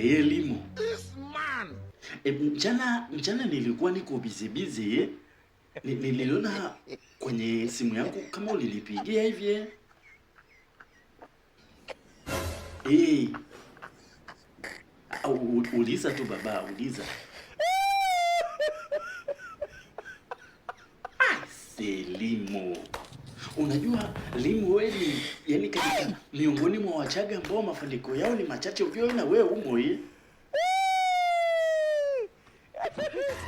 limo. This man. E, mchana mchana nilikuwa niko busy busy, eh? niliona kwenye simu yako kama ulinipigia hivi eh. Uliza tu baba, uliza Selimo. Unajua Limweli, yani katika miongoni mwa Wachaga ambao mafanikio yao ni machache, ujue na wewe umo hii.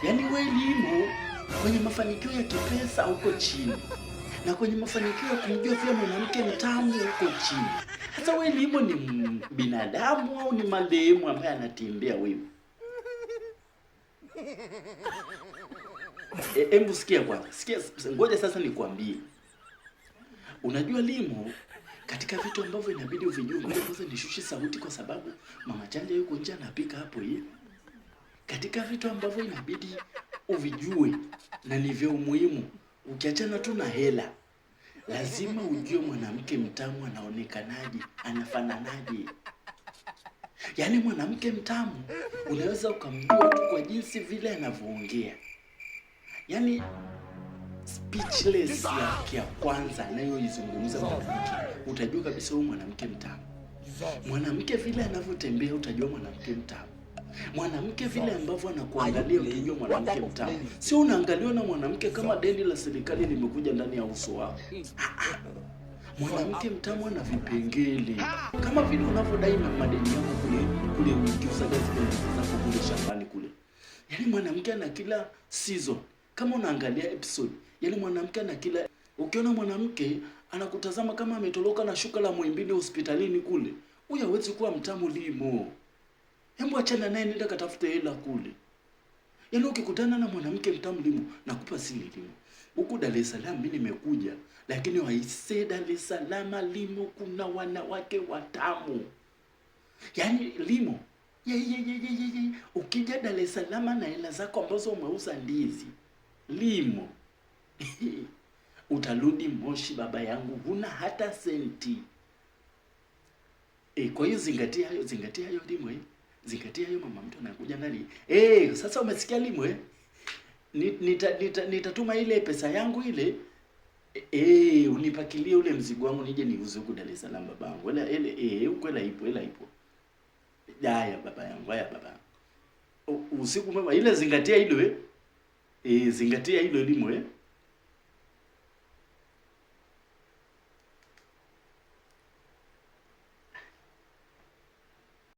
Yani wewe Limu kwenye mafanikio ya kipesa huko chini, na kwenye mafanikio ya kumjua pia mwanamke mtamu huko chini. Sasa wewe Limu ni binadamu au ni madehemu ambaye anatembea e, e, wewe? Hebu sikia kwanza, sikia ngoja sasa nikwambie. Unajua limo katika vitu ambavyo inabidi uvijue, ngoja kwanza nishushe sauti kwa sababu mama Chanja yuko nje anapika hapo hii. Katika vitu ambavyo inabidi uvijue na ni vya umuhimu, ukiachana tu na hela, lazima ujue mwanamke mtamu anaonekanaje, anafananaje. Yaani mwanamke mtamu unaweza ukamjua tu kwa jinsi vile anavyoongea, yaani speechless yake ya kwanza anayoizungumza mwanamke, utajua kabisa huyu mwanamke mtamu. Mwanamke vile anavyotembea, utajua mwanamke mtamu. Mwanamke vile ambavyo anakuangalia, ukijua mwanamke mtamu. Sio unaangaliwa na mwanamke kama deni la serikali limekuja ndani ya uso wako. Mwanamke mtamu ana vipengele kama vile unavyodai madeni yako kule kule, ukiuza gazi kule shambani kule, yaani mwanamke ana kila season. Kama unaangalia episode, yale yaani mwanamke na kila, ukiona mwanamke anakutazama kama ametoroka na shuka la mwimbili hospitalini kule, huyu hawezi kuwa mtamu limo. Hebu achana naye, nenda katafute hela kule. Yaani ukikutana na mwanamke mtamu limo, nakupa sili limo. Huku Dar es Salaam mimi nimekuja, lakini waise Dar es Salaam limo kuna wanawake watamu. Yaani limo. Ye ye ye ye ye. Ukija Dar es Salaam na hela zako ambazo umeuza ndizi limo utarudi Moshi baba yangu, huna hata senti e. Kwa hiyo zingatia hayo, zingatia hayo eh, zingatia hayo mama, mtu anakuja ndani eh. Sasa umesikia eh, nitatuma nita, nita ile pesa yangu ile e, unipakilie ule mzigo wangu nije niuze huko Dar es Salaam baba yangu, ile eh, huko, ela ipo, ile ipo. Haya baba yangu, haya baba usiku mama ile, zingatia ile eh izingatia e hilo elimu eh.